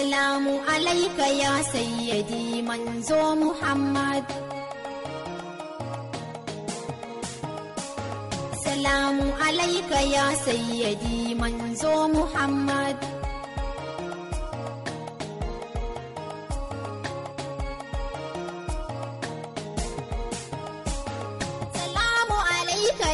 salamu alaika ya sayyadi manzo Muhammad. Salamu alaika ya sayyadi manzo Muhammad. Salamu alaika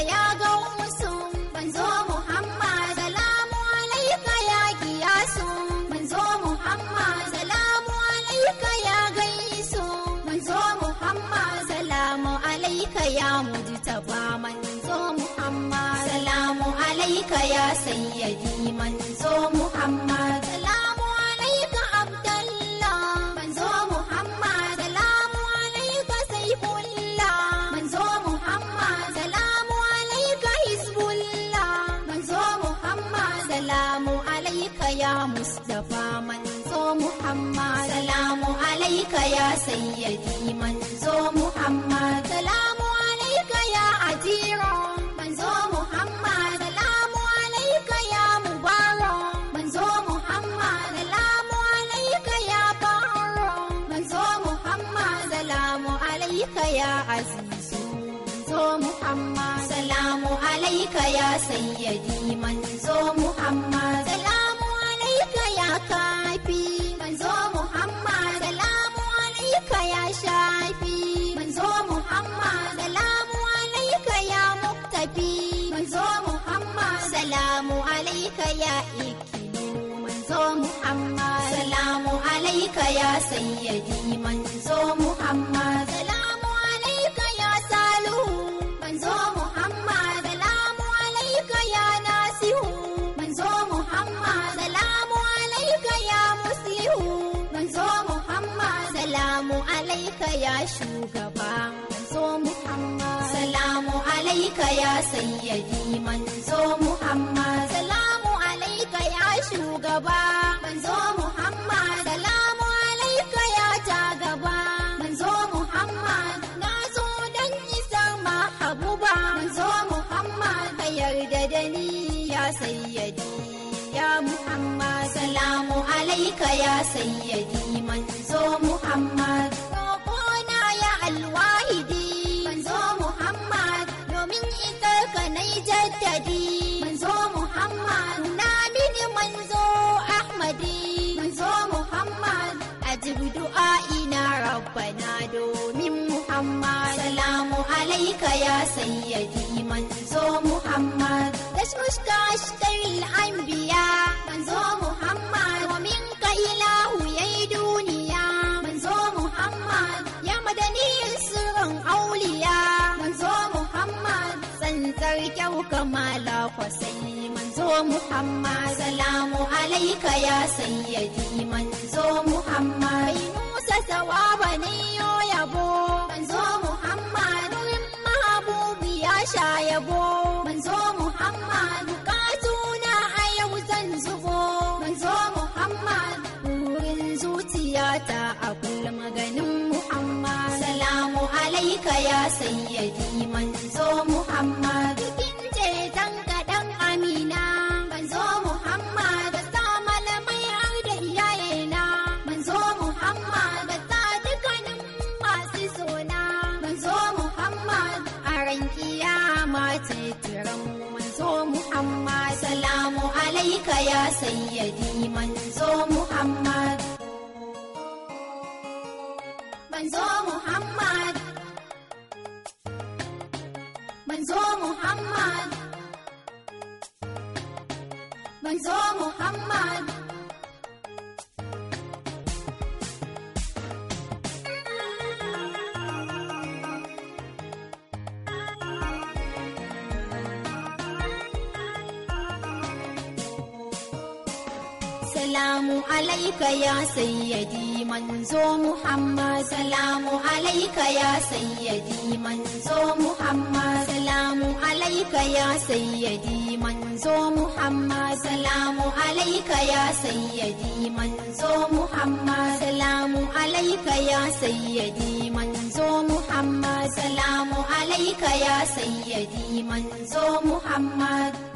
alaika ya sayyadi manzo Muhammad. Salamu alaika Abdallah. Manzo Muhammad. Salamu alaika Saifullah. Manzo Muhammad. Salamu alaika Hizbullah. Manzo Muhammad. Salamu alaika ya Mustafa. Manzo Muhammad. Salamu alaika ya sayyadi manzo alaika ya azizu zo muhammad salamu alaika ya sayyadi zo muhammad salamu alaika ya kafi zo muhammad salamu alaika ya shafi zo muhammad salamu alaika ya muktafi zo muhammad salamu alaika ya ikilu zo muhammad salamu alaika ya sayyadi zo muhammad ya shugaba manzo Muhammad salamu alaika ya sayyidi manzo Muhammad salamu alaika ya shugaba manzo Muhammad salamu alaika ya ta gaba manzo Muhammad na zo dan isa mahabuba manzo Muhammad ka yarda da ni ya sayyidi ya Muhammad salamu alaika ya sayyidi manzo Muhammad alwahidi manzo muhammad domin isar ka nai jaddadi manzo muhammad na mini manzo ahmadi manzo muhammad ajib du'a'ina rabbana domin muhammad salamu alaika ya sayyadi manzo muhammad tashmushka ashkar al-anbiya manzo muhammad kan auliya manzo Muhammad tsantsar kyau kamala kwasai manzo Muhammad salamu alaika ya sayyadi manzo ka ya sayyadi manzo Muhammadu in ce dan kaɗan amina manzo Muhammad ta malamai har da iyayena manzo Muhammadu ta dukkanin masu sona manzo Muhammadu a ran kiyama titiran manzo muhammad. salamu alaika ya sayyadi manzo Muhammad. manzo Muhammad. zo Muhammad manzo Muhammad salamu alaika ya sayyadi manzo Muhammad salamu alaika ya sayyadi manzo Muhammad salamu alaika ya sayyadi manzo Muhammad salamu alaika ya sayyadi manzo Muhammad salamu alaika ya sayyadi manzo Muhammad salamu alaika ya sayyadi manzo Muhammad